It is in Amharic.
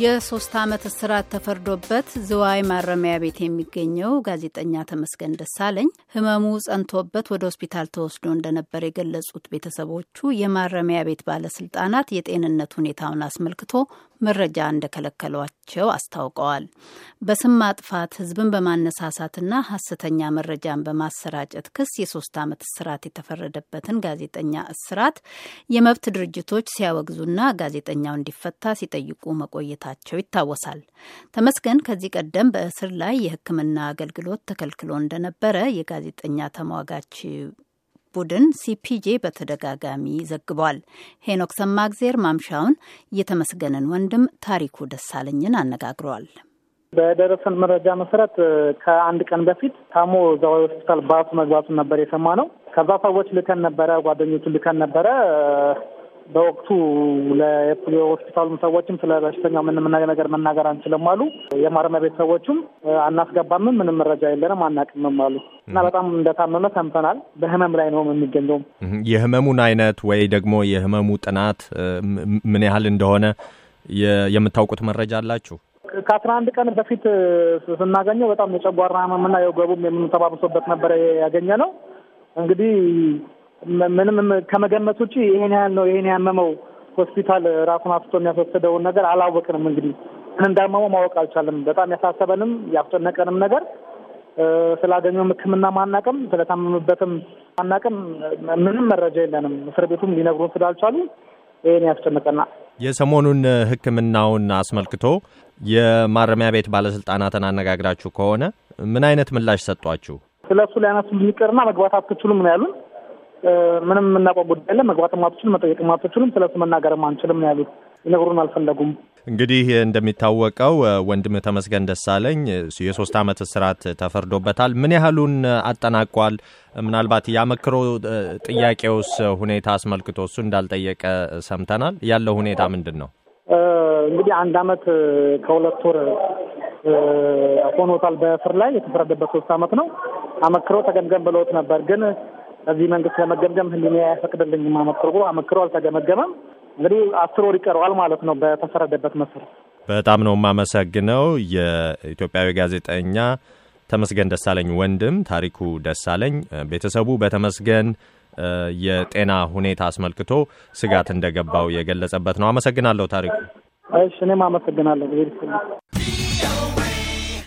የሶስት ዓመት እስራት ተፈርዶበት ዝዋይ ማረሚያ ቤት የሚገኘው ጋዜጠኛ ተመስገን ደሳለኝ ሕመሙ ጸንቶበት ወደ ሆስፒታል ተወስዶ እንደነበር የገለጹት ቤተሰቦቹ የማረሚያ ቤት ባለስልጣናት የጤንነት ሁኔታውን አስመልክቶ መረጃ እንደከለከሏቸው አስታውቀዋል። በስም ማጥፋት፣ ህዝብን በማነሳሳትና ሀሰተኛ መረጃን በማሰራጨት ክስ የሶስት ዓመት እስራት የተፈረደበትን ጋዜጠኛ እስራት የመብት ድርጅቶች ሲያወግዙና ጋዜጠኛው እንዲፈታ ሲጠይቁ መቆየታቸው ይታወሳል። ተመስገን ከዚህ ቀደም በእስር ላይ የህክምና አገልግሎት ተከልክሎ እንደነበረ የጋዜጠኛ ተሟጋች ቡድን ሲፒጄ በተደጋጋሚ ዘግቧል። ሄኖክ ሰማግዜር ማምሻውን የተመስገንን ወንድም ታሪኩ ደሳለኝን አነጋግሯል። በደረሰን መረጃ መሰረት ከአንድ ቀን በፊት ታሞ እዛ ሆስፒታል ባሱ መግባቱን ነበር የሰማ ነው። ከዛ ሰዎች ልከን ነበረ፣ ጓደኞቹን ልከን ነበረ በወቅቱ የሆስፒታሉም ሰዎችም ስለ በሽተኛ ምንም ነገር መናገር አንችልም አሉ። የማረሚያ ቤት ሰዎቹም አናስገባምም፣ ምንም መረጃ የለንም፣ አናቅምም አሉ እና በጣም እንደታመመ ሰምተናል። በህመም ላይ ነው የሚገኘውም። የህመሙን አይነት ወይ ደግሞ የህመሙ ጥናት ምን ያህል እንደሆነ የምታውቁት መረጃ አላችሁ? ከአስራ አንድ ቀን በፊት ስናገኘው በጣም የጨጓራ ህመምና የወገቡም የምንተባብሶበት ነበረ ያገኘ ነው። እንግዲህ ምንም ከመገመት ውጭ ይሄን ያህል ነው ይሄን ያመመው ሆስፒታል ራሱን አፍቶ የሚያስወስደውን ነገር አላወቅንም። እንግዲህ ምን እንዳመመው ማወቅ አልቻለም። በጣም ያሳሰበንም ያስጨነቀንም ነገር ስላገኘውም ሕክምና ማናቅም ስለታመምበትም ማናቅም ምንም መረጃ የለንም። እስር ቤቱም ሊነግሩን ስላልቻሉ ይህን ያስጨነቀና የሰሞኑን ሕክምናውን አስመልክቶ የማረሚያ ቤት ባለስልጣናትን አነጋግራችሁ ከሆነ ምን አይነት ምላሽ ሰጧችሁ? ስለ እሱ ሊያነሱ ይቅርና መግባት አትችሉም ነው ያሉን። ምንም የምናውቀው ጉዳይ የለም። መግባት ማቶችን መጠየቅ ማቶችንም ስለሱ መናገርም አንችልም ያሉ ያሉት። አልፈለጉም። እንግዲህ እንደሚታወቀው ወንድም ተመስገን ደሳለኝ የሶስት ዓመት እስራት ተፈርዶበታል። ምን ያህሉን አጠናቋል? ምናልባት የአመክሮ ጥያቄውስ ሁኔታ አስመልክቶ እሱ እንዳልጠየቀ ሰምተናል። ያለው ሁኔታ ምንድን ነው? እንግዲህ አንድ ዓመት ከሁለት ወር ሆኖታል። በእስር ላይ የተፈረደበት ሶስት ዓመት ነው። አመክሮ ተገምገም ብለውት ነበር ግን ከዚህ መንግስት ለመገምገም ህሊና አይፈቅድልኝም። አመክሮ አመክሮ አልተገመገመም። እንግዲህ አስር ወር ይቀረዋል ማለት ነው በተፈረደበት መሰረት። በጣም ነው የማመሰግነው። የኢትዮጵያዊ ጋዜጠኛ ተመስገን ደሳለኝ ወንድም ታሪኩ ደሳለኝ ቤተሰቡ በተመስገን የጤና ሁኔታ አስመልክቶ ስጋት እንደገባው የገለጸበት ነው። አመሰግናለሁ ታሪኩ። እሺ እኔም አመሰግናለሁ።